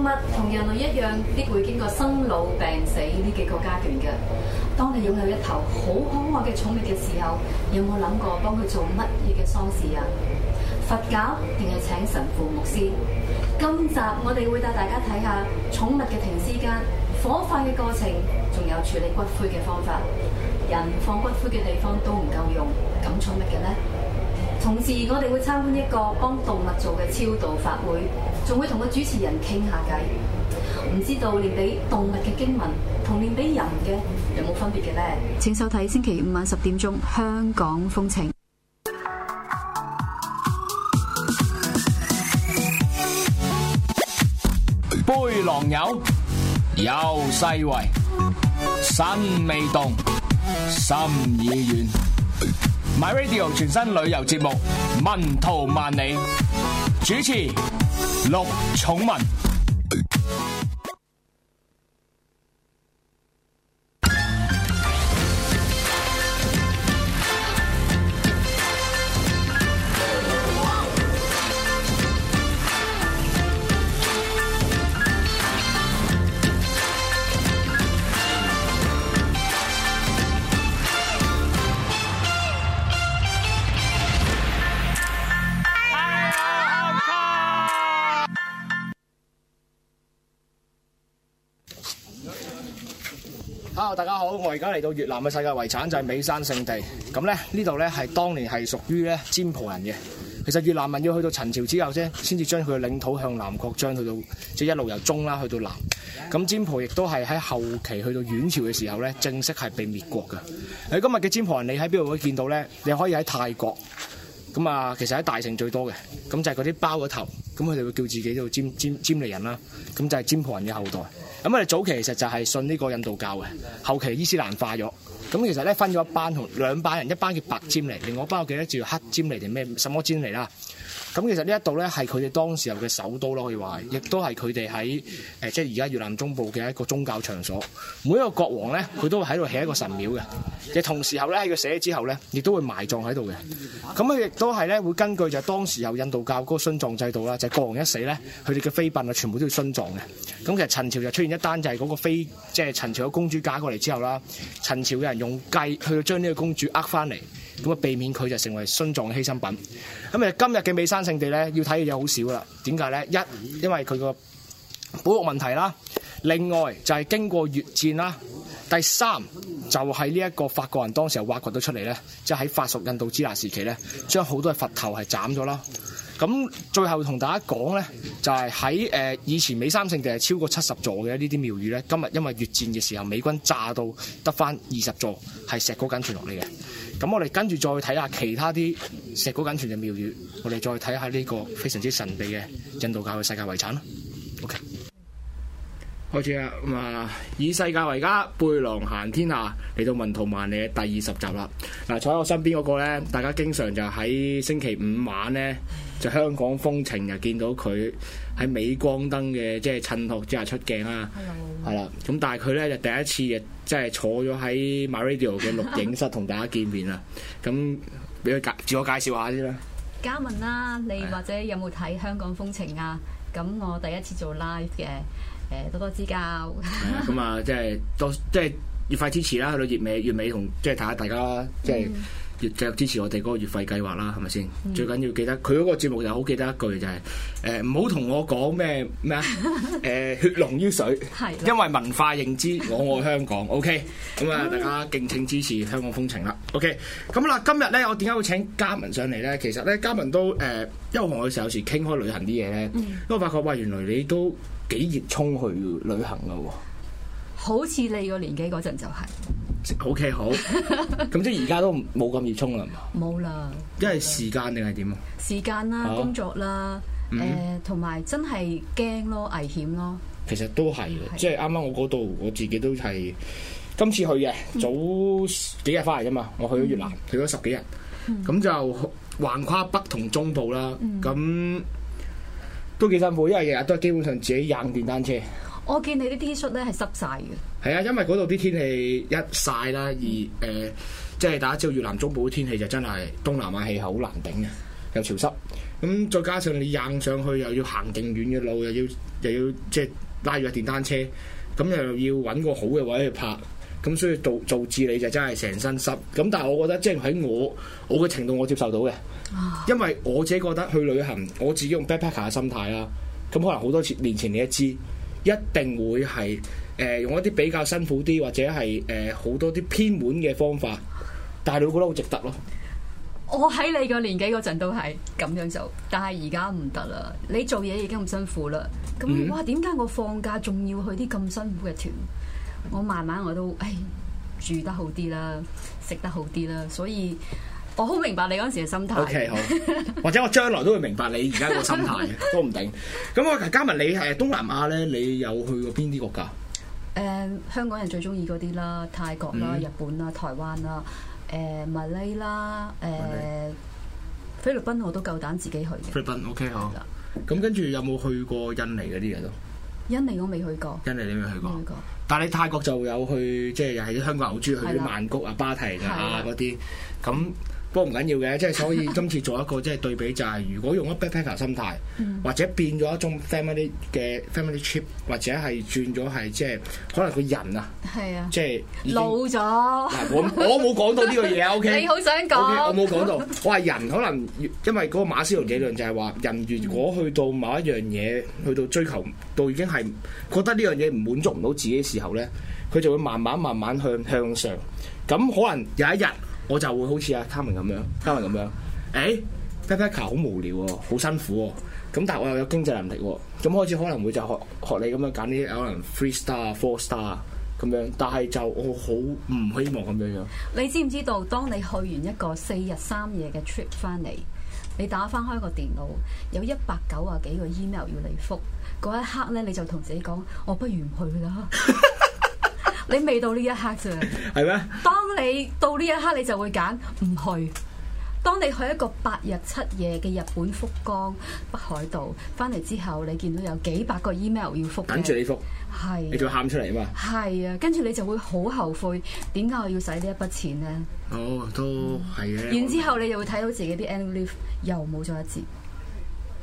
寵物同人類一樣，必會經過生老病死呢幾個階段嘅。當你擁有一頭好可愛嘅寵物嘅時候，有冇諗過幫佢做乜嘢嘅喪事啊？佛教定係請神父牧師？今集我哋會帶大家睇下寵物嘅停屍間、火化嘅過程，仲有處理骨灰嘅方法。人放骨灰嘅地方都唔夠用，咁寵物嘅咧？同時，我哋會參觀一個幫動物做嘅超度法會，仲會同個主持人傾下偈。唔知道念俾動物嘅經文連有有，同念俾人嘅有冇分別嘅咧？請收睇星期五晚十點鐘《香港風情》。杯狼友，有勢位，心未動，心已遠。My Radio 全新旅遊節目《文圖萬里》，主持陸寵文。好，我而家嚟到越南嘅世界遺產就係、是、美山聖地。咁咧，呢度咧係當年係屬於咧占婆人嘅。其實越南民要去到陳朝之後先先至將佢嘅領土向南擴張去到即係、就是、一路由中啦去到南咁。占婆亦都係喺後期去到阮朝嘅時候咧，正式係被滅國嘅。喺今日嘅占婆人，你喺邊度會見到咧？你可以喺泰國咁啊，其實喺大城最多嘅，咁就係嗰啲包個頭。咁佢哋會叫自己做占占占，占利人啦，咁就係占婆人嘅後代。咁佢哋早期其實就係信呢個印度教嘅，後期伊斯蘭化咗。咁、啊、其實咧分咗一班同兩班人，一班叫白占利，另外一班我記得叫做黑占利定咩什,什麼占利啦、啊。咁其實呢一度咧係佢哋當時候嘅首都咯，可以話，亦都係佢哋喺誒即係而家越南中部嘅一個宗教場所。每一個國王咧，佢都會喺度起一個神廟嘅，亦同時候咧喺佢死咗之後咧，亦都會埋葬喺度嘅。咁佢亦都係咧會根據就係當時候印度教嗰個殉葬制度啦，就係、是、國王一死咧，佢哋嘅妃嬪啊全部都要殉葬嘅。咁、嗯、其實陳朝就出現一單就係嗰個妃，即係陳朝嘅公主嫁過嚟之後啦，陳朝嘅人用計去將呢個公主呃翻嚟。咁啊，避免佢就成為殉葬嘅犧牲品。咁啊，今日嘅美山聖地咧，要睇嘅嘢好少啦。點解咧？一，因為佢個保育問題啦；另外就係經過越戰啦；第三就係呢一個法國人當時挖掘到出嚟咧，即係喺法屬印度支那時期咧，將好多嘅佛頭係斬咗啦。咁最後同大家講呢，就係喺誒以前美山聖地係超過七十座嘅呢啲廟宇咧。今日因為越戰嘅時候，美軍炸到得翻二十座係碩果僅存落嚟嘅。咁我哋跟住再睇下其他啲碩果僅存嘅廟宇，我哋再睇下呢個非常之神秘嘅印度教嘅世界遺產啦。OK，開始啊、嗯，以世界為家，背囊行天下嚟到《文圖萬里》嘅第二十集啦。嗱，坐喺我身邊嗰個咧，大家經常就喺星期五晚呢。就香港風情又見到佢喺美光燈嘅即係襯托之下出鏡啦，係啦 Hello.，咁但係佢咧就第一次亦即係坐咗喺 MyRadio 嘅錄影室同 大家見面啦，咁俾佢介自我介紹下先啦。家汶啦、啊，你或者有冇睇香港風情啊？咁、啊、我第一次做 live 嘅，誒多多指教。咁 啊，即係、就是、多即係、就是、越快支持啦，去到月尾月尾同即係睇下大家即係。就是嗯越著支持我哋嗰個月費計劃啦，係咪先？嗯、最緊要記得佢嗰個節目又好，記得一句就係、是：誒唔好同我講咩咩誒血濃於水，係 是的 因為文化認知我愛香港。 OK，咁啊，大家敬請支持香港風情啦。OK，咁、嗯、啦、嗯嗯，今日咧我點解會請家汶上嚟咧？其實咧家汶都誒因為我有時傾開旅行啲嘢咧，我、嗯、發覺喂，原來你都幾熱衷去旅行噶喎，好似你個年紀嗰陣就係、是。好嘅 Okay ,好，咁 即係而家都冇咁熱衷啦，冇啦 了，因為時間定係點啊？時間啦，工作啦、啊，誒、嗯，同埋、呃、真係驚咯，危險咯。其實都係嘅，即係啱啱我嗰度我自己都係今次去嘅，早幾日翻嚟啫嘛。嗯、我去咗越南，去咗十幾日，咁、嗯、就橫跨北同中部啦。咁、嗯、都幾辛苦，因為日日都係基本上自己踩電單車。我見你啲 T 恤咧係濕晒嘅。係啊，因為嗰度啲天氣一曬啦，而誒、呃，即係大家知道越南中部嘅天氣就真係東南亞氣候好難頂嘅，又潮濕，咁再加上你硬上去又要行勁遠嘅路，又要又要即係拉住架電單車，咁又要揾個好嘅位去拍，咁所以導導致你就真係成身濕。咁但係我覺得即係喺我我嘅程度我接受到嘅。啊、因為我自己覺得去旅行，我自己用 backpacker 嘅心態啦，咁可能好多年前你一知，一定會係。誒，用一啲比較辛苦啲，或者係誒好多啲偏門嘅方法，但係你會覺得好值得咯。我喺你個年紀嗰陣都係咁樣做，但係而家唔得啦。你做嘢已經咁辛苦啦，咁、嗯、哇，點解我放假仲要去啲咁辛苦嘅團？我慢慢我都誒住得好啲啦，食得好啲啦，所以我好明白你嗰時嘅心態。Okay，好， 或者我將來都會明白你而家個心態，都唔 定。咁我，家汶，你喺東南亞咧，你有去過邊啲國家？誒、呃、香港人最中意嗰啲啦，泰國啦、嗯、日本啦、台灣啦、誒、呃、馬來利啦、誒、呃、菲律賓我都夠膽自己去嘅。菲律賓 OK 好了。咁跟住有冇去過印尼嗰啲嘅都？印尼我未去過。印尼你未去過？未去過。但係你泰國就有去，即係喺香港好中意去曼谷啊、芭了提啊嗰啲咁。了不過唔緊要嘅，即係所以今次做一個即係對比就係，如果用一 backpacker 心態，或者變咗一種 family 嘅 family trip，或者係轉咗係即係可能個人啊，即係老咗。嗱，我我冇講到呢個嘢啊，OK？你好想講，我冇講到，我係人可能因為嗰個馬斯洛理論就係話，人如果去到某一樣嘢，去到追求到已經係覺得呢樣嘢唔滿足唔到自己嘅時候咧，佢就會慢慢慢慢向向上，咁可能有一日。我就會好似阿卡文咁樣，卡文咁樣。誒，backpacker 好無聊喎、啊，好辛苦喎、啊。咁但係我又有經濟能力喎、啊，咁開始可能會就學學你咁樣揀啲可能 free star 啊 four star 啊咁樣。但係就我好唔希望咁樣樣。你知唔知道，當你去完一個四日三夜嘅 trip 翻嚟，你打翻開個電腦，有一百九啊幾個 email 要你覆，嗰一刻咧你就同自己講，我不如唔去啦。 你未到呢一刻啫，係咩 嗎？當你到呢一刻，你就會揀唔去。當你去一個八日七夜嘅日本福岡北海道，翻嚟之後，你見到有幾百個 email 要復，等住你復，係、啊、你仲喊出嚟啊嘛？係啊，跟住你就會好後悔，點解我要使呢一筆錢咧？哦，都係嘅。然、嗯、之後你就會睇到自己啲 end leave 又冇咗一節。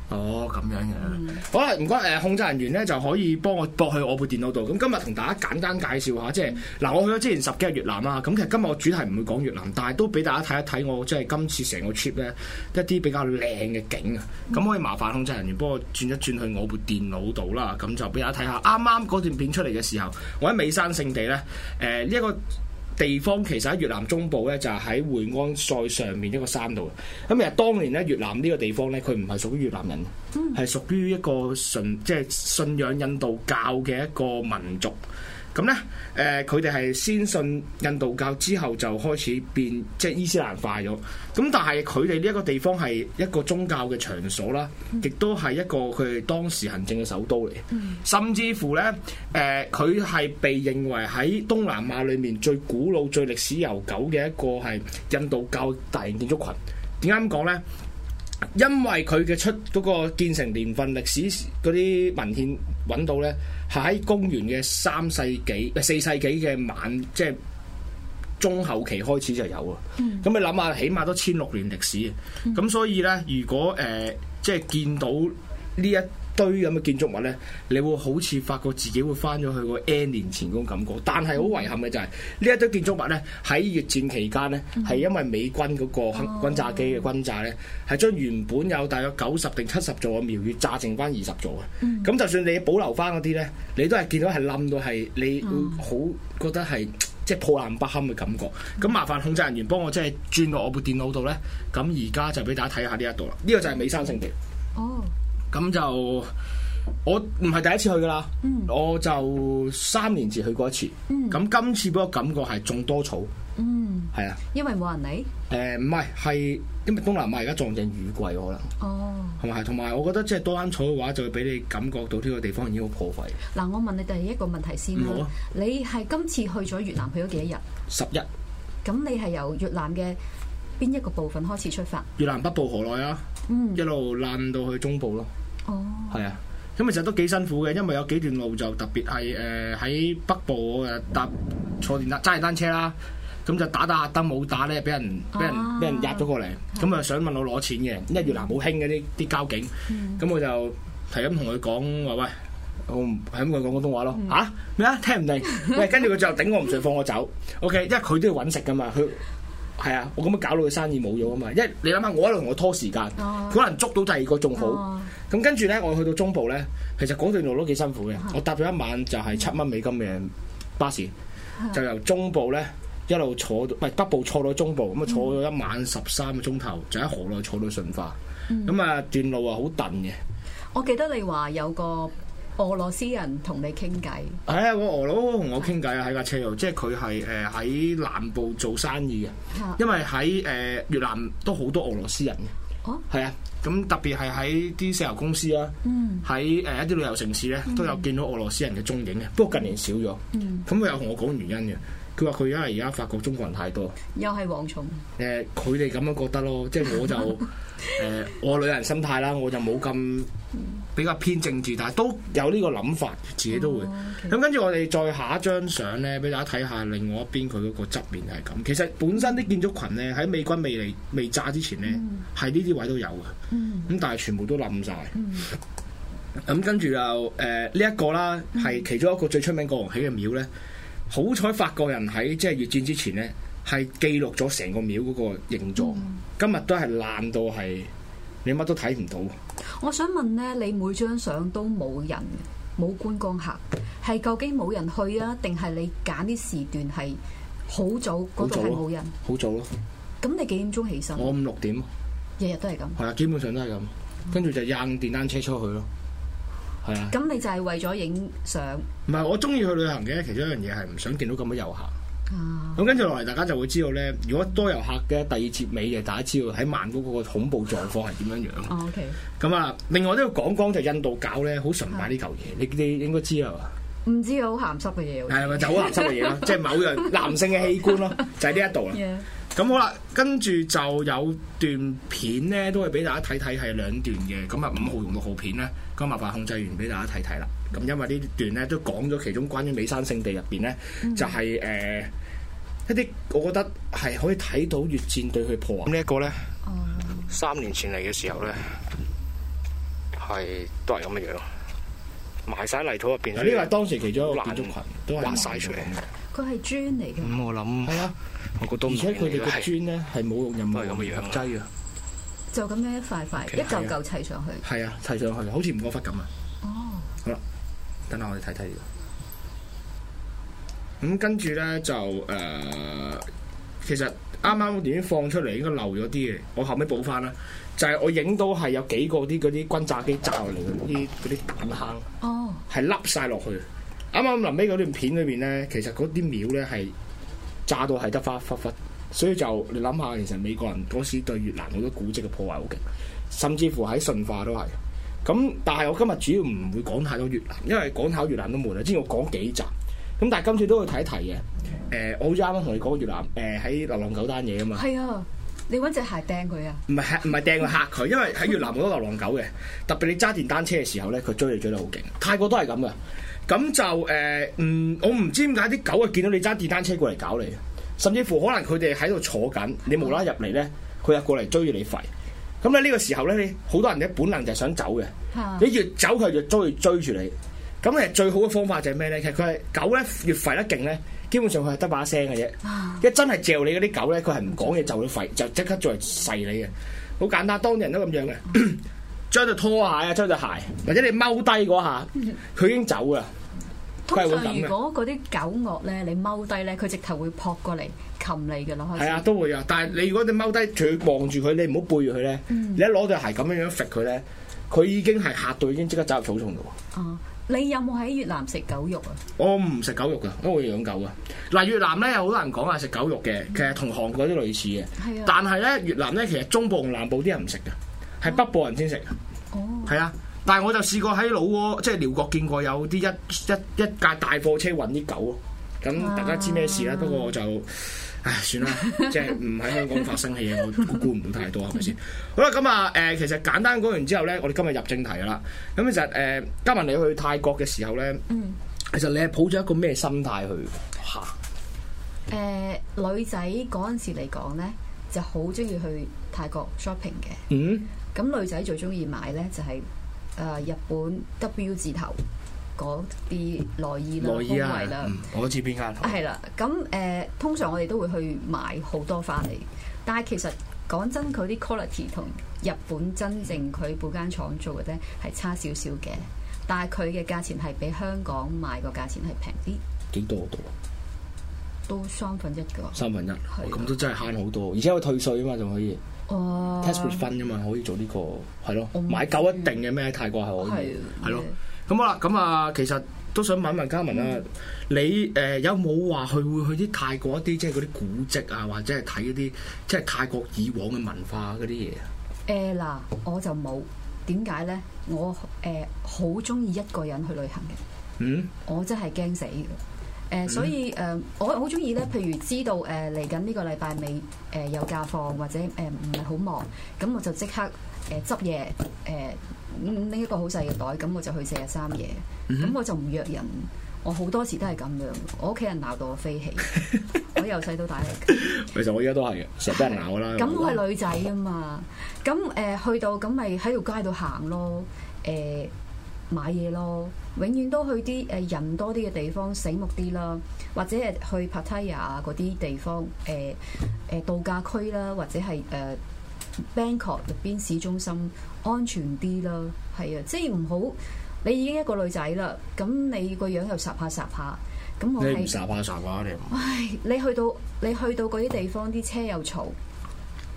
哦，咁樣嘅，嗯、好啦，唔該誒，控制人員咧就可以幫我駁去我部電腦度。咁今日同大家簡單介紹下，即係嗱，我去咗之前十幾日越南啦。咁其實今日我主題唔會講越南，但係都俾大家睇一睇我即係今次成個 trip 咧一啲比較靚嘅景啊。咁、嗯、可以麻煩控制人員幫我轉一轉去我部電腦度啦。咁就俾大家睇下，啱啱嗰段片出嚟嘅時候，我喺美山聖地咧誒呢、呃、一個。地方其實喺越南中部咧，就係喺會安塞上面一個山度。咁其實當年咧，越南呢個地方咧，佢唔係屬於越南人。係屬於一個信即係信仰印度教嘅一個民族，咁呢，誒、呃，佢哋係先信印度教之後就開始變即係伊斯蘭化咗，咁但係佢哋呢一個地方係一個宗教嘅場所啦，亦都係一個佢哋當時行政嘅首都嚟，甚至乎呢，誒、呃，佢係被認為喺東南亞裡面最古老、最歷史悠久嘅一個係印度教大型建築群。點解咁講呢？因為佢嘅出嗰個建成年份歷史嗰啲文獻揾到呢，係喺公元嘅三世紀、四世紀嘅晚，即係中後期開始就有啊。咁你諗下，起碼都千六年歷史。咁所以呢，如果誒，即係見到呢一堆咁嘅建築物呢，你會好似發覺自己會翻咗去個 N 年前嗰種感覺。但係好遺憾嘅就係、是、呢一堆建築物呢，喺越戰期間呢，係、嗯、因為美軍嗰個轟炸機嘅轟炸呢，係、哦、將原本有大約九十定七十座嘅廟宇炸剩翻二十座嘅。咁、嗯、就算你保留翻嗰啲呢，你都係見到係冧到係你好覺得係即係破爛不堪嘅感覺。咁麻煩控制人員幫我即係轉落我部電腦度呢。咁而家就俾大家睇下呢一度啦。呢、這個就係美山聖地、嗯嗯。哦。咁就我唔係第一次去噶啦，嗯、我就三年前去過一次。咁、嗯、今次俾我感覺係種多草，係、嗯、啊，因為冇人理。誒唔係，係因為東南亞而家撞正雨季可能。哦，係咪？同埋我覺得即係多啱草嘅話，就會俾你感覺到呢個地方已經好破壞。嗱、嗯，我問你第一個問題先啦，嗯、你係今次去咗越南去咗幾多日？十一。咁你係由越南嘅邊一個部分開始出發？越南北部河內啊？一路爛到去中部咯，係啊，咁啊，其實都幾辛苦嘅，因為有幾段路就特別係誒喺北部誒搭坐電單揸住單車啦，咁就打打下燈冇打咧，俾人俾人俾人壓咗過嚟，咁啊想問我攞錢嘅，因為越南冇興嗰啲啲交警，咁我就係咁同佢講話喂，我係咁同佢講廣東話咯，吓咩啊聽唔明？喂，跟住佢就頂我唔順放我走，OK，因為佢都要搵食噶嘛，佢。係啊，我咁樣搞到佢生意冇咗啊嘛，因為你諗下，我一路同佢拖時間，oh. 可能捉到第二個仲好。咁、oh. 跟住咧，我去到中部咧，其實嗰段路都幾辛苦嘅。Oh. 我搭咗一晚就係七蚊美金嘅巴士，oh. 就由中部咧一路坐，唔係、oh. 北部坐到中部，咁啊坐咗一晚十三個鐘頭，就喺河內坐到順化。咁啊、oh. oh. 段路啊好鈍嘅。Oh. 我記得你話有個。俄羅斯人同你傾偈？係啊，我俄羅同我傾偈啊，喺架車度，即係佢係誒喺南部做生意嘅，因為喺誒越南都好多俄羅斯人嘅，係啊、哦，咁特別係喺啲石油公司啦，喺誒、嗯、一啲旅遊城市咧都有見到俄羅斯人嘅蹤影嘅，嗯、不過近年少咗，咁佢、嗯、又同我講原因嘅，佢話佢因為而家發覺中國人太多，又係蝗蟲，誒佢哋咁樣覺得咯，即係我就誒、 呃、我旅行心態啦，我就冇咁。嗯比較偏政治，但係都有呢個諗法，自己都會咁。Oh, okay. 跟住我哋再下一張相咧，俾大家睇下另外一邊佢嗰個側面係咁。其實本身啲建築群咧，喺美軍未嚟未炸之前咧，係呢啲位都有嘅。咁但係全部都冧晒。咁、mm hmm. 跟住就誒呢一個啦，係其中一個最出名國王起嘅廟咧。好彩法國人喺即係越戰之前咧，係記錄咗成個廟嗰個形狀。Mm hmm. 今日都係爛到係你乜都睇唔到。我想問咧，你每張相都冇人，冇觀光客，係究竟冇人去啊？定係你揀啲時段，係好早嗰度係冇人？好早咯。咁你幾點鐘起身？我五六點，日日都係咁。係啊，基本上都係咁，跟住就踩電單車出去咯。係啊。咁你就係為咗影相？唔係，我中意去旅行嘅，其中一樣嘢係唔想見到咁多遊客。咁、啊、跟住落嚟，大家就會知道咧。如果多遊客嘅第二節尾，嘅，大家知道喺曼谷嗰個恐怖狀況係點樣樣。OK 咁啊 okay,、嗯，另外都要講講就印度搞咧，好崇拜呢嚿嘢。你你應該知啦嘛？唔知好鹹濕嘅嘢。係咪就好鹹濕嘅嘢咯？即係某樣男性嘅器官咯，就係呢一度啦。咁 Yeah.、嗯、好啦，跟住就有段片咧，都係俾大家睇睇，係兩段嘅。咁啊，五號用六號,號片咧，咁麻煩控制員俾大家睇睇啦。咁因為呢段咧都講咗其中關於美山聖地入邊咧，就係誒一啲我覺得係可以睇到越戰對佢破壞。咁呢一個咧，三年前嚟嘅時候咧，係都係咁嘅樣，埋晒泥土入邊。呢個當時其中一個建築群都係埋晒嘅，佢係磚嚟嘅。我諗係啊，我覺得而且佢哋個磚咧係冇用任何咁嘅樣藥劑啊，就咁樣一塊塊一嚿嚿砌上去，係啊，砌上去好似唔安忽咁啊！等下我哋睇睇嘅，咁、嗯、跟住咧就誒、呃，其實啱啱電影放出嚟應該漏咗啲嘅，我後尾補翻啦。就係、是、我影到係有幾個啲嗰啲轟炸機炸落嚟嘅，啲嗰啲彈坑，哦，係凹晒落去。啱啱臨尾嗰段片裏面咧，其實嗰啲廟咧係炸到係得花忽忽。所以就你諗下，其實美國人嗰時對越南好多古蹟嘅破壞好勁，甚至乎喺順化都係。咁但係我今日主要唔會講太多越南，因為講下越南都悶啊。之前我講幾集，咁但係今次都要睇題嘅。誒 Okay.、呃，我好似啱啱同你講越南，誒、呃、喺流浪狗單嘢啊嘛。係啊，你揾隻鞋掟佢啊。唔係唔係，掟佢嚇佢，因為喺越南好多流浪狗嘅，特別你揸電單車嘅時候咧，佢追你追得好勁。泰國都係咁噶，咁就誒嗯、呃，我唔知點解啲狗啊見到你揸電單車過嚟搞你，甚至乎可能佢哋喺度坐緊，你無啦啦入嚟咧，佢又過嚟追你吠。Okay. 咁咧呢個時候咧，你好多人咧本能就係想走嘅。你越走，佢越追，越追住你。咁咧最好嘅方法就係咩咧？其實佢係狗咧，越吠得勁咧，基本上佢係得把聲嘅啫。一、啊、真係嚼你嗰啲狗咧，佢係唔講嘢就會吠，就即刻再嚟噬你嘅。好簡單，當人都咁樣嘅，將對 拖鞋啊，將對鞋，或者你踎低嗰下，佢已經走㗎。通常如果嗰啲狗惡咧，你踎低咧，佢直頭會撲過嚟擒你嘅咯。係啊，都會啊。但係你如果你踎低，除望住佢，你唔好背住佢咧。嗯、你一攞對鞋咁樣樣揈佢咧，佢已經係嚇到已經即刻走入草叢嘅喎。啊！你有冇喺越南食狗肉啊？我唔食狗肉嘅，我會養狗啊。嗱，越南咧又好難講啊，食狗肉嘅，嗯、其實同韓國都類似嘅。係啊的。但係咧，越南咧其實中部同南部啲人唔食嘅，係北部人先食。哦，哦。係啊。但係我就試過喺老撾，即係寮國見過有啲一一一架大貨車運啲狗咯。咁大家知咩事咧？啊、不過我就唉算啦， 即係唔喺香港發生嘅嘢，我估唔到太多，係咪先？好啦，咁啊誒，其實簡單講完之後咧，我哋今日入正題㗎啦。咁其實誒，家汶你去泰國嘅時候咧，嗯、其實你係抱咗一個咩心態去行？誒、呃、女仔嗰陣時嚟講咧，就好中意去泰國 shopping 嘅。嗯，咁女仔最中意買咧就係、是。誒日本 W 字頭嗰啲內衣啦、胸圍啦，我知邊間。係啦，咁誒、呃、通常我哋都會去買好多翻嚟，但係其實講真，佢啲 quality 同日本真正佢本間廠做嘅呢係差少少嘅，但係佢嘅價錢係比香港買個價錢係平啲，幾多度？都三分一嘅，三分一。咁的都真係慳好多，而且我退稅啊嘛，仲可以。.哦，test 評分噶嘛，可以做呢、這個係咯，嗯、買夠一定嘅咩？泰國係可以，係咯。咁好啦，咁啊，其實都想問一問家汶啊，嗯、你誒、呃、有冇話去會去啲泰國一啲即係嗰啲古蹟啊，或者係睇一啲即係泰國以往嘅文化嗰啲嘢啊？誒嗱、呃，我就冇，點解咧？我誒好中意一個人去旅行嘅，嗯，我真係驚死。誒、呃、所以誒、呃，我好中意咧。譬如知道誒嚟緊呢個禮拜未誒有假放，或者誒唔係好忙，咁我就即刻誒執嘢誒拎一個好細嘅袋，咁我就去四日三夜，咁、嗯、哼我就唔約人。我好多時都係咁樣，我屋企人鬧到我飛起， 我由細到大嚟。其實我依家都係嘅，成日俾人鬧啦。咁我係女仔啊嘛，咁誒、呃、去到咁咪喺條街度行咯，誒、呃、買嘢咯。永遠都去啲誒、呃、人多啲嘅地方醒目啲啦，或者係去 Pattaya 啊嗰啲地方誒誒、呃呃、度假區啦，或者係誒、呃、Bangkok 入邊市中心安全啲啦，係啊，即係唔好你已經一個女仔啦，咁你個樣又霎下霎下，咁我係你唔霎下霎下你？唉，你去到你去到嗰啲地方，啲車又嘈，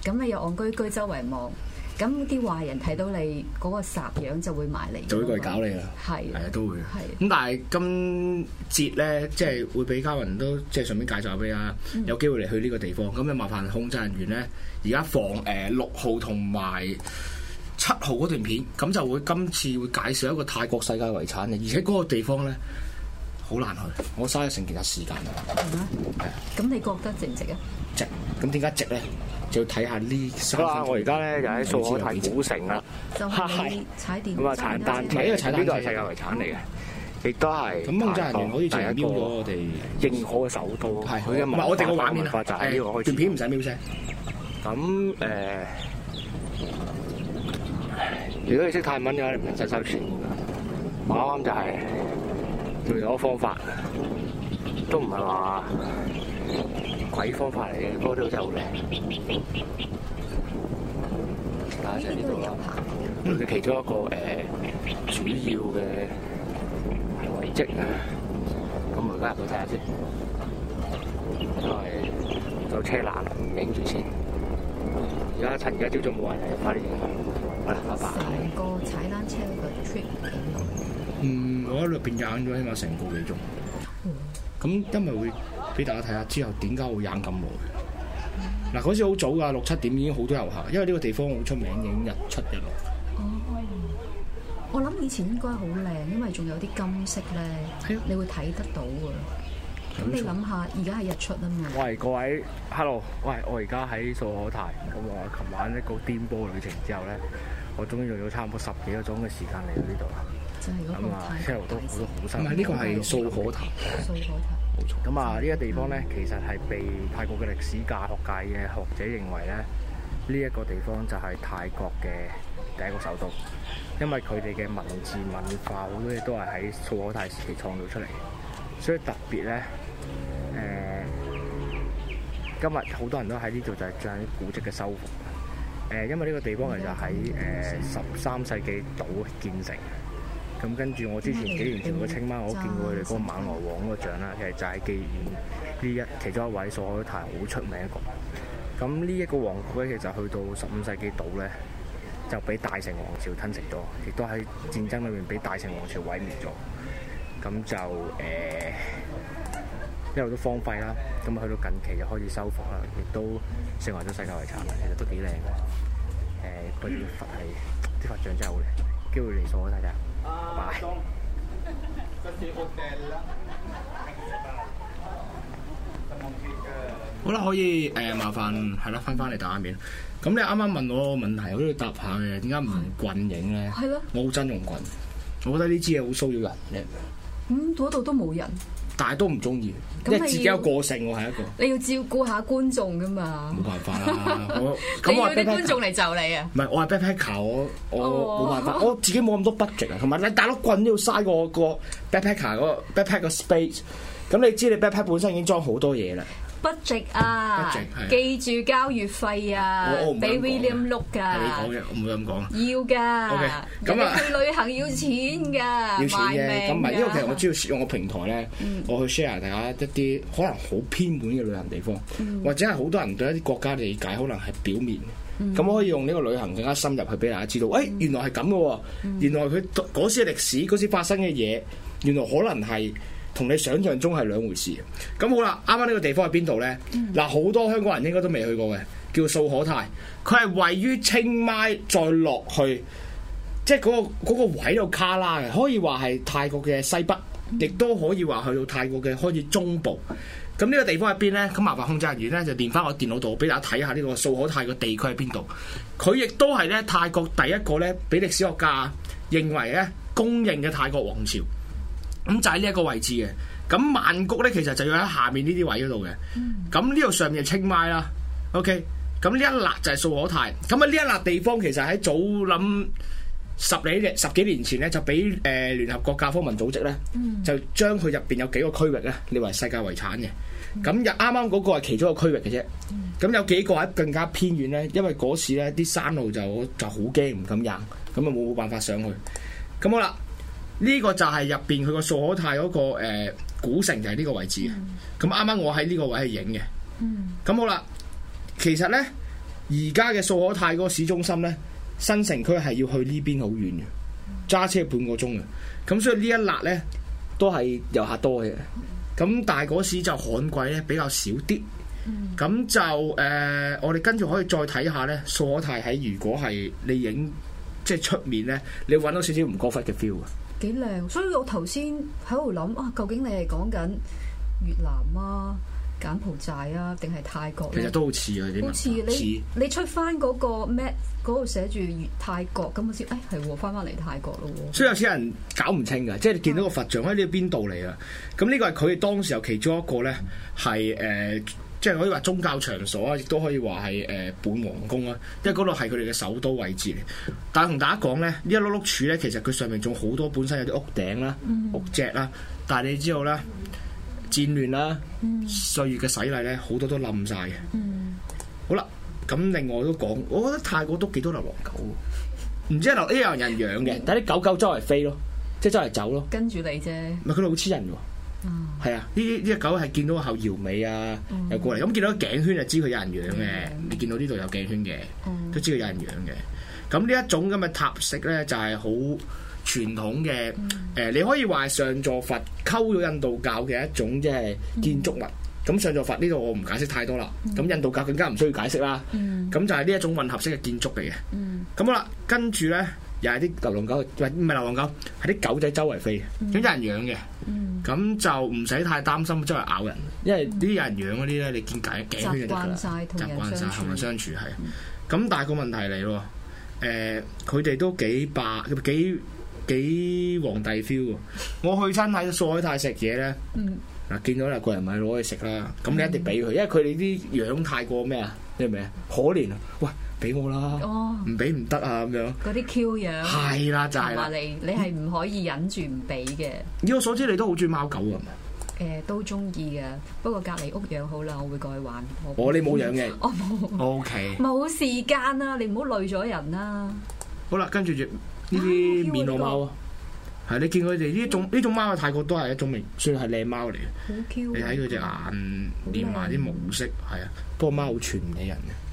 咁你又戇居居周圍望。咁啲壞人睇到你嗰、那個煞樣就會埋嚟、那個，就會嚟搞你啦。係的，係啊，都會。係的。咁但係今節咧，即、就、係、是、會俾嘉雲都即係、就是、順便介紹俾啊，有機會嚟去呢個地方。咁你麻煩控制人員咧，而家放誒六號同埋七號嗰段片，咁就會今次會介紹一個泰國世界遺產嘅，而且嗰個地方咧好難去，我嘥咗成幾日時間啊！咁你覺得值唔值啊？值。咁點解值咧？就睇下呢？好 X D 啊！我而家咧就喺素可泰古城啦，就係踩電單車。咁啊，踩單車，因為踩單車係世界遺產嚟嘅，亦都係咁 X D，工作人員可以直接瞄到我哋認可嘅首都。係，唔係我哋個畫面啊？係段片唔使瞄聲。咁誒，如果你識泰文嘅話你唔使收錢。啱啱就係最好方法，都唔係話。位方法嚟嘅，嗰度真好靚。大家呢度有冇佢其中一個誒、呃、主要嘅遺蹟啊，咁我而家入到睇下先。因為有車纜影住先。而家趁而家朝早冇人嚟，快啲去。好啦、啊，拜拜。成個踩單車嘅 trip 嗯，我喺入邊玩咗起碼成個幾鐘。咁今日會。嗯嗯俾大家睇下之後點解會癮咁耐？嗱，嗰時好早㗎，六七點已經好多遊客，因為呢個地方好出名，已影日出日落。咁開嘅，我諗以前應該好靚，因為仲有啲金色咧，你會睇得到㗎。咁你諗下，而家係日出啊嘛。喂，各位，Hello，喂，我而家喺素可泰。咁我琴晚一個顛簸旅程之後咧，我終於用咗差唔多十幾個鐘嘅時間嚟到呢度啊。咁啊，都都好辛苦。唔係呢個係素可泰。咁啊，呢、這個地方咧，其實係被泰國嘅歷史、教學界嘅學者認為咧，呢、這、一個地方就係泰國嘅第一個首都，因為佢哋嘅文字、文化好多嘢都係喺素可泰時期創造出嚟，所以特別咧，誒、呃，今日好多人都喺呢度就係做啲古蹟嘅修復，誒、呃，因為呢個地方其實喺誒十三世紀早建成。咁跟住，我之前幾年前嘅青蛙，我都見過佢哋嗰個馬來王嗰個像啦。其實就係、是、紀元呢一其中一位所開台好出名一個。咁呢一個王國咧，其實去到十五世紀度咧，就俾大城王朝吞食咗，亦都喺戰爭裏面俾大城王朝毀滅咗。咁就誒、呃、一路都荒廢啦。咁去到近期就開始修復啦，亦都成為咗世界遺產。其實都幾靚嘅。誒嗰啲佛係啲佛像真係好靚，機會嚟咗曬㗎。好啦，可以誒，麻煩係啦，翻返嚟打面。咁你啱啱問我個問題，我都要答下嘅。點解唔用棍影咧？係咯，我好憎用棍，我覺得呢支嘢好騷擾人。嘅、嗯。咁嗰度都冇人。但係都唔中意，因為自己有個性要我係一個。你要照顧下觀眾噶嘛。冇辦法啦，我咁、er, 我 b a c 觀眾嚟就你啊。唔係、oh.，我係 backpacker，我我冇辦法，我自己冇咁多 budget 啊，同埋你大佬棍都要嘥過我個 backpacker 個 backpack 個 space。咁你知你 backpack、er、本身已經裝好多嘢啦。不值啊！記住交月費啊！我唔俾 William 碌㗎。你講嘅，我唔會咁講。要㗎。咁啊，去旅行要錢㗎，要錢嘅。咁唔係，因為其實我主要用個平台咧，我去 share 大家一啲可能好偏門嘅旅行地方。或者係好多人對一啲國家嘅理解可能係表面。咁可以用呢個旅行更加深入去俾大家知道，誒原來係咁嘅喎。原來佢嗰時嘅歷史，嗰時發生嘅嘢，原來可能係。同你想象中係兩回事，咁好啦。啱啱呢個地方喺邊度呢？嗱，好多香港人應該都未去過嘅，叫素可泰，佢係位於清邁再落去，即係嗰個、嗰個位度卡拉嘅，可以話係泰國嘅西北，亦都可以話去到泰國嘅開始中部。咁呢個地方喺邊呢？咁麻煩控制人員呢，就連翻我電腦度，俾大家睇下呢個素可泰個地區喺邊度。佢亦都係呢泰國第一個呢，俾歷史學家認為呢公認嘅泰國王朝。咁就喺呢一個位置嘅，咁曼谷咧其實就要喺下面呢啲位嗰度嘅，咁呢度上面係清邁啦，OK，咁呢一笪就係素可泰，咁啊呢一笪地方其實喺早諗十幾、十幾年前咧就俾誒聯合國教科文組織咧、嗯、就將佢入邊有幾個區域咧列為世界遺產嘅，咁啱啱嗰個係其中一個區域嘅啫，咁有幾個喺更加偏遠咧，因為嗰時咧啲山路就就好驚唔敢行，咁啊冇冇辦法上去，咁好啦。呢個就係入邊佢個素可泰嗰、那個、呃、古城，就係呢個位置嘅。咁啱啱我喺呢個位係影嘅。咁、嗯、好啦，其實咧，而家嘅素可泰個市中心咧，新城區係要去呢邊好遠嘅，揸、嗯、車半個鐘嘅。咁所以一辣呢一肋咧都係遊客多嘅。咁但果時就旱季咧比較少啲。咁、嗯、就誒、呃，我哋跟住可以再睇下咧，素可泰喺如果係你影即係出面咧，你揾到少少唔過忽嘅 fe feel 啊！幾靚，所以我頭先喺度諗啊，究竟你係講緊越南啊、柬埔寨啊，定係泰國？其實都好似像啊，好似你像你出翻嗰個咩嗰度寫住越泰國咁先，哎係喎，翻翻嚟泰國咯喎。所以有啲人搞唔清㗎，對 即係你見到個佛像喺呢邊度嚟啊？咁呢個係佢哋當時候其中一個咧，係誒、嗯。呃即係可以話宗教場所啊，亦都可以話係誒本皇宮啊，因為嗰度係佢哋嘅首都位置嚟。但係同大家講咧，呢一碌碌柱咧，其實佢上面仲好多本身有啲屋頂啦、屋脊啦。但係你知道咧，戰亂啦、歲月嘅洗禮咧，好多都冧晒嘅。嗯、好啦，咁另外都講，我覺得泰國都幾多流浪狗，唔知一樓有人養嘅，嗯、但係啲狗狗周圍飛咯，即係周圍走咯，跟住你啫。唔係佢哋好黐人喎。係啊，呢啲呢隻狗係見到後搖尾啊，又過嚟咁，見到頸圈就知佢有人養嘅。你見到呢度有頸圈嘅，都知佢有人養嘅。咁呢一種咁嘅塔式咧，就係好傳統嘅誒、嗯呃，你可以話上座佛溝咗印度教嘅一種即係建築物。咁、嗯、上座佛呢度我唔解釋太多啦。咁印度教更加唔需要解釋啦。咁、嗯、就係呢一種混合式嘅建築嚟嘅。咁、嗯、好啦，跟住咧。又係啲流浪狗，唔係流浪狗，係啲狗仔周圍飛，咁有、嗯、人養嘅，咁、嗯、就唔使太擔心周圍咬人，因為啲有人養嗰啲咧，你見緊頸圈就得啦。習慣晒同人相處，習慣同人相處係。咁、嗯、但係個問題嚟喎，誒、呃，佢哋都幾霸，幾幾皇帝 feel 喎。我去親喺素可泰食嘢咧，嗱、嗯、見到啦，個人咪攞去食啦。咁你一定俾佢，因為佢哋啲樣太過咩啊？你明唔明啊？可憐啊！喂。俾我啦，唔俾唔得啊咁樣。嗰啲 Q 樣係啦，就係話。你你係唔可以忍住唔俾嘅。以我所知，你都好中意貓狗啊嘛。誒，都中意嘅，不過隔籬屋養好啦，我會過去玩。我你冇養嘅，我冇。O K，冇時間啊，你唔好累咗人啦。好啦，跟住呢啲暹羅貓，係你見佢哋呢種呢種貓喺泰國都係一種名，算係靚貓嚟嘅。好 Q。你睇佢隻眼，連埋啲毛色，係啊。不過貓好串嘅人嘅。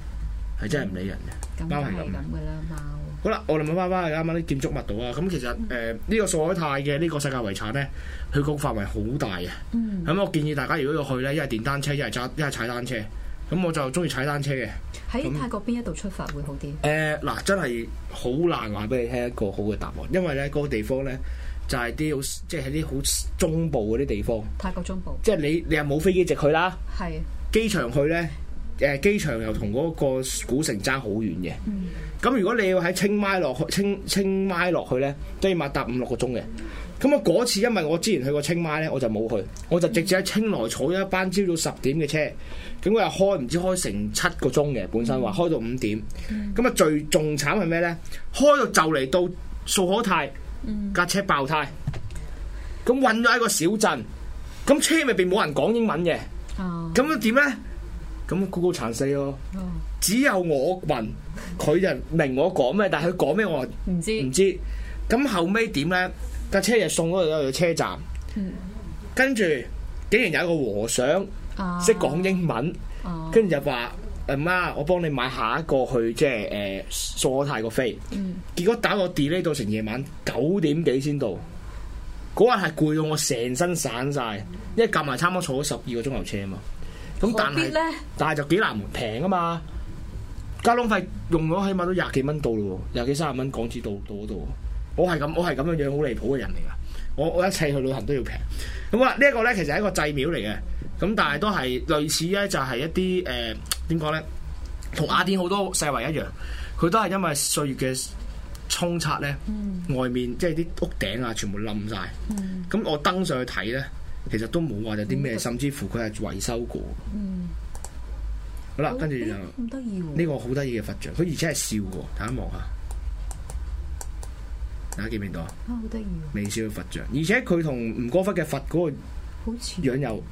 係真係唔理人嘅，貓係咁嘅啦，貓。好啦，我哋問翻翻係啱啱啲建築物度啊。咁其實誒呢、嗯呃呢個素可泰嘅呢、呢個世界遺產咧，佢個範圍好大嘅。咁、嗯、我建議大家如果要去咧，一係電單車，一係揸，一係踩單車。咁我就中意踩單車嘅。喺泰國邊一度出發會好啲？誒嗱、呃，真係好難話俾你聽一個好嘅答案，因為咧嗰、嗰個地方咧就係啲好，即係喺啲好中部嗰啲地方。泰國中部。即係你你又冇飛機直去啦？係的。 機場去咧？誒機場又同嗰個古城爭好遠嘅，咁、嗯、如果你要喺清邁落去，清清邁落去咧都要搭搭五六個鐘嘅。咁啊，嗰次因為我之前去過清邁咧，我就冇去，我就直接喺清萊坐咗一班朝早十點嘅車，咁我又開唔知開成七個鐘嘅，本身話開到五點。咁啊，最仲慘係咩咧？開到就嚟、嗯嗯嗯、到素可泰，架、嗯、車爆胎，咁困咗喺個小鎮，咁車咪變冇人講英文嘅，咁點咧？咁高高殘死哦！嗯嗯、只有我問佢就明我講咩，但係佢講咩我唔知唔知。咁、嗯、後尾點咧？架車又送咗度，去個車站。跟住、嗯、竟然有一個和尚識講、啊、英文，跟住、啊啊、就話：誒媽，媽，我幫你買下一個去即係誒素可泰個飛。呃太太嗯、結果打個 delay 到成夜晚九點幾先到。嗰日係攰到我成身散晒，因為夾埋差唔多坐咗十二個鐘頭車啊嘛。咁但係，但係就幾難平啊嘛！交通費用咗起碼都廿幾蚊到咯，廿幾三十蚊港紙到到嗰度。我係咁，我係咁樣樣，好離譜嘅人嚟㗎。我我一切去旅行都要平。咁啊，呢一個咧其實係一個祭廟嚟嘅。咁但係都係類似咧，就係一啲誒，點講咧？同雅典好多世遺一樣，佢都係因為歲月嘅沖刷咧，外面即係啲屋頂啊，全部冧晒。咁我登上去睇咧。其實都冇話有啲咩，行甚至乎佢係維修過。嗯，好啦，跟住就呢個好得意嘅佛像，佢而且係笑嘅。大家望下，大家見唔見到啊？好得意！哦！微笑嘅佛像，而且佢同吳哥窟嘅佛嗰個樣又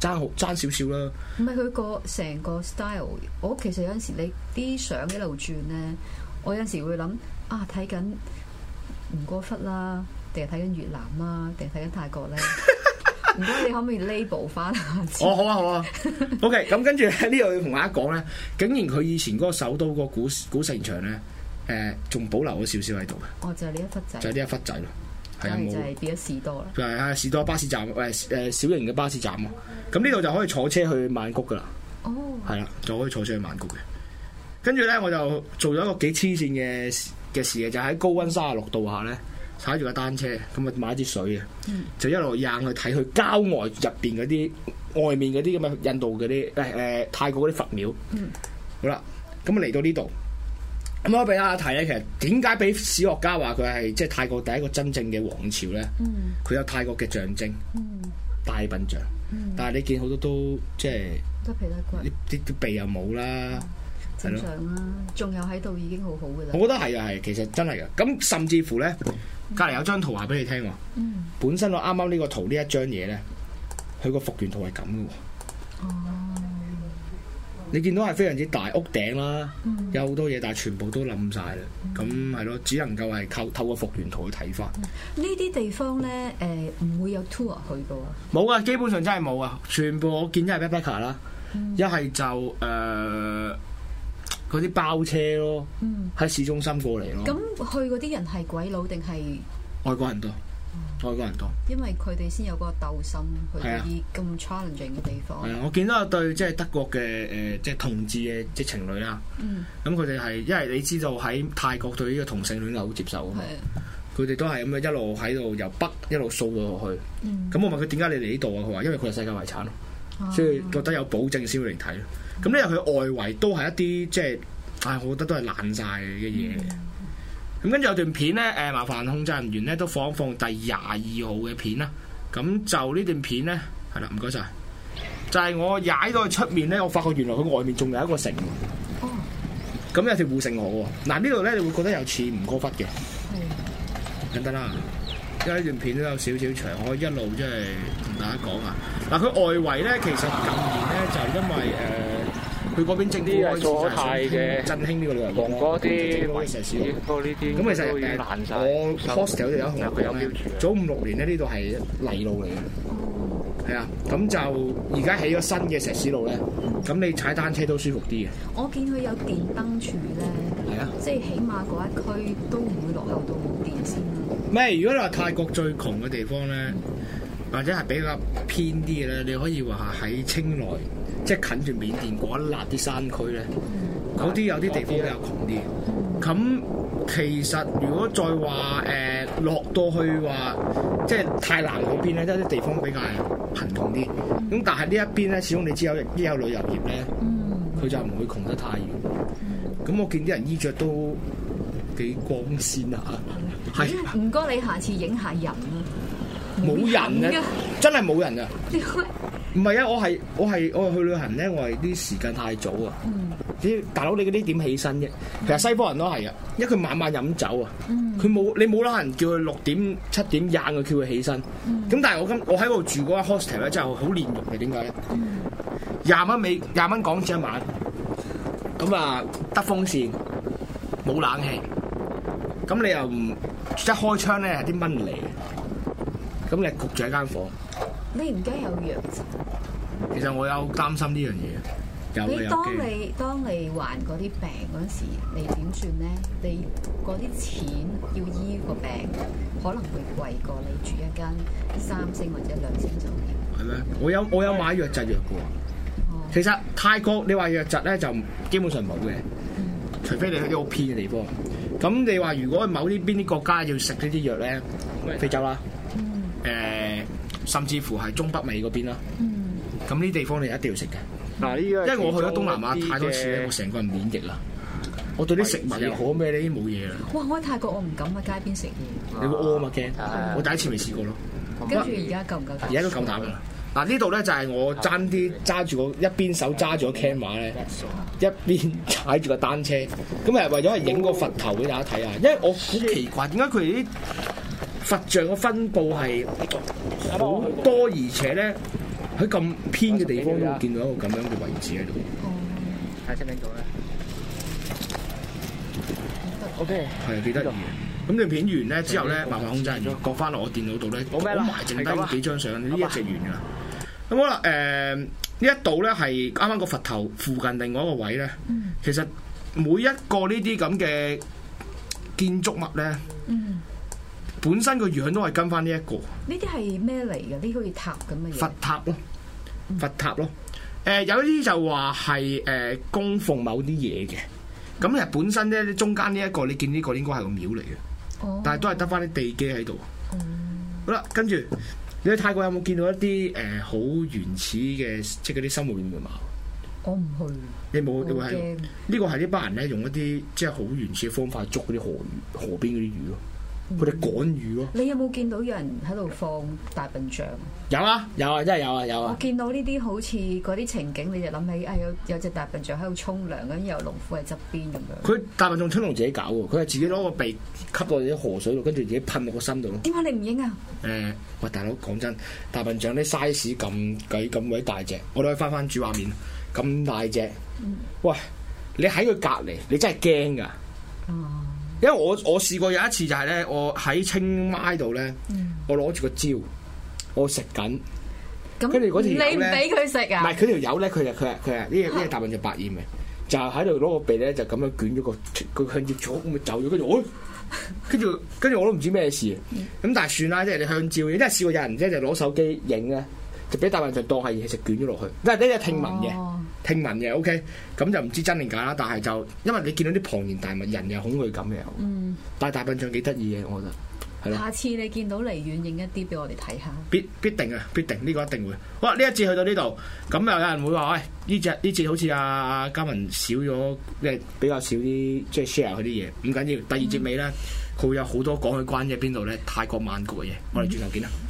爭好爭少少啦。唔係佢個成個 style，我其實有陣時你啲相喺度轉咧，我有陣時會諗啊，睇緊吳哥窟啦，定係睇緊越南啊，定係睇緊泰國咧？ 唔該，你可唔可以 label 翻啊？哦，好啊，好啊。O K，咁跟住咧，呢度要同大家講咧，竟然佢以前嗰個首都個古古城牆咧，誒，仲保留咗少少喺度嘅。哦，就係呢一忽仔，就係呢一忽仔咯。係啊，就係變咗士多啦。就係啊，士多巴士站，誒誒，小型嘅巴士站。咁呢度就可以坐車去曼谷噶啦。哦。係啦，就可以坐車去曼谷嘅。跟住咧，我就做咗一個幾黐線嘅嘅事嘅，就喺高溫三十六度下咧。踩住個單車，咁啊買一支水啊，就一路行去睇去郊外入邊嗰啲，外面嗰啲咁嘅印度嗰啲，誒誒泰國嗰啲佛廟。好啦，咁啊嚟到呢度，咁我俾阿提咧，其實點解俾史學家話佢係即係泰國第一個真正嘅王朝咧？佢有泰國嘅象徵，大笨象。但係你見好多都即係都皮帶骨，啲啲鼻又冇啦，正常啦，仲有喺度已經好好噶啦。我覺得係啊係，其實真係噶，咁甚至乎咧。隔籬有張圖話俾你聽喎，嗯、本身我啱啱呢個圖呢一張嘢咧，佢個復原圖係咁嘅喎。嗯、你見到係非常之大屋頂啦，嗯、有好多嘢，但係全部都冧晒啦。咁係咯，只能夠係透透過復原圖去睇翻。呢啲、嗯、地方咧，誒、呃，唔會有 tour 去嘅，啊。冇啊，基本上真係冇啊，全部我見一係 backpacker 啦，一係就誒。呃嗰啲包車咯，喺、嗯、市中心過嚟咯。咁去嗰啲人係鬼佬定係外國人多？嗯、外國人多。因為佢哋先有個鬥心去啲咁 challenging 嘅地方。啊、我見到有對即係德國嘅誒、呃，即係同志嘅即情侶啦。咁佢哋係，因為你知道喺泰國對呢個同性戀係好接受、嗯、啊嘛。佢哋都係咁樣一路喺度由北一路掃到落去。咁、嗯、我問佢點解你嚟呢度啊？佢話因為佢係世界遺產。所以覺得有保證先會嚟睇咯。咁咧，佢外圍都係一啲即係，唉、就是哎，我覺得都係爛晒嘅嘢。咁、嗯、跟住有段片咧，誒，麻煩控制人員咧，都放一放第廿二號嘅片啦。咁就呢段片咧，係啦，唔該晒。就係、是、我踩到出面咧，我發覺原來佢外面仲有一個城喎。哦。咁有條護城河喎。嗱，呢度咧你會覺得有似吳哥窟嘅。係、嗯。等等啦。而家呢段片都有少少長，我一路即係同大家講啊。嗱，佢外圍咧，其實近年咧就係因為誒，佢嗰邊整啲左派嘅，振興呢個旅遊，黃嗰啲維石屎，咁其實入邊爛晒。我 post 有有紅，早五六年咧呢度係泥路嚟嘅，係啊，咁就而家起咗新嘅石屎路咧，咁你踩單車都舒服啲嘅。我見佢有電燈柱咧，係啊，即係起碼嗰一區都唔會落後到。咩？如果你話泰國最窮嘅地方咧，或者係比較偏啲嘅咧，你可以話喺清萊，即、就、係、是、近住緬甸嗰一辣啲山區咧，嗰啲、嗯、有啲地方比較窮啲。咁、嗯、其實如果再話誒落到去話，即、就、係、是、泰南嗰邊咧，即啲地方比較貧窮啲。咁、嗯、但係呢一邊咧，始終你知有亦有旅遊業咧，佢、嗯、就唔會窮得太遠。咁我見啲人衣着都幾光鮮啊！吓。唔該，你下次影下人啊！冇人嘅，真係冇人噶。唔係啊，我係我係我係去旅行咧。我係啲時間太早啊。啲大佬你嗰啲點起身嘅？其實西方人都係啊，因為佢晚晚飲酒啊。嗯，佢冇你冇拉人叫佢六點七點廿個叫佢起身。咁但係我今我喺嗰度住嗰間 hostel 咧，真係好廉價嘅。點解咧？廿蚊美廿蚊港紙一晚，咁啊，得風扇，冇冷氣，咁你又唔？一開窗咧，係啲蚊嚟，咁你焗住一間房間，你唔驚有瘧疾？其實我有擔心呢樣嘢。有你當你當你患嗰啲病嗰陣時，你點算咧？你嗰啲錢要醫個病，可能會貴過你住一間三星或者兩星酒店。係咩？我有我有買瘧疾藥嘅的，其實泰國你話瘧疾咧就基本上冇嘅，嗯、除非你去啲好偏嘅地方。咁你話如果某啲邊啲國家要食呢啲藥咧，非洲啦，誒，甚至乎係中北美嗰邊啦，咁呢地方你一定要食嘅。嗱，依個因為我去咗東南亞太多次咧，我成個人免疫啦，我對啲食物又好咩咧，冇嘢啦。哇！我喺泰國我唔敢喺街邊食嘢。你會屙啊嘛？驚？我第一次未試過咯。跟住而家夠唔夠膽？而家都夠膽噶。嗱呢度咧就係我爭啲揸住個一邊手揸住個 camera 咧，一邊踩住個單車，咁係為咗係影個佛頭俾大家睇下，因為我好奇怪點解佢啲佛像嘅分布係好多，而且咧喺咁偏嘅地方都會見到一個咁樣嘅位置喺度。睇清唔清楚咧？OK，係幾得意。咁你、嗯、片段完咧之後咧，嗯、麻煩控制，過翻落我電腦度咧，攞埋剩低嗰幾張相，呢、嗯、一隻完啦。咁好啦，誒呢一度咧係啱啱個佛頭附近另外一個位咧，嗯、其實每一個呢啲咁嘅建築物咧，嗯、本身個樣都係跟翻呢一個。呢啲係咩嚟嘅？呢啲好似塔咁嘅嘢。佛塔咯，佛塔咯。誒有啲就話係誒供奉某啲嘢嘅。咁誒其實本身咧，中間呢、這、一個你見呢個應該係個廟嚟嘅，哦、但係都係得翻啲地基喺度。好啦，跟住。你喺泰國有冇見到一啲誒好原始嘅，即係嗰啲生活面貌？我唔去。你冇？你會係呢個係呢班人咧，用一啲即係好原始嘅方法捉嗰啲河河邊嗰啲魚咯。佢哋趕魚咯、啊！你有冇見到有人喺度放大笨象、啊？有啊，有啊，真係有啊，有啊！我見到呢啲好似嗰啲情景，你就諗起啊、哎，有有隻大笨象喺度沖涼，咁又農夫喺側邊咁樣。佢大笨象沖涼自己搞喎，佢係自己攞個鼻吸落啲河水度，跟住自己噴落個身度咯。點解你唔影啊？誒、呃，喂，大佬，講真，大笨象啲 size 咁鬼咁鬼大隻，我哋可以翻翻主畫面，咁大隻，嗯、喂，你喺佢隔離，你真係驚㗎。嗯因為我我試過有一次就係咧、嗯，我喺清邁度咧，我攞住個蕉，我食緊，跟住嗰條友咧，唔俾佢食啊！唔係佢條友咧，佢啊佢啊佢啊，呢嘢呢嘢大笨象百厭嘅，就喺度攞個鼻咧就咁樣捲咗個佢向住左咁咪走咗。跟住，跟住跟住我都唔知咩事，咁、嗯、但係算啦，即係向蕉，因為試過有人咧就攞手機影咧，就俾大笨象就當係嘢食捲咗落去，嗱呢只聽聞嘅。嗯聽聞嘅，OK，咁就唔知真定假啦。但係就因為你見到啲龐然大物人，人又恐懼感嘅，嗯、但係大笨象幾得意嘅，我覺得係咯。下次你見到離遠影一啲俾我哋睇下。必必定啊，必定呢、呢個一定會。哇！呢一節去到呢度，咁又有人會話，喂、哎，呢只呢節好似阿嘉文少咗，即係比較少啲即係 share 佢啲嘢。唔緊要，第二節尾咧，佢、嗯、有好多講去關嘅邊度咧，泰國曼谷嘅嘢，我哋轉頭見啦。嗯嗯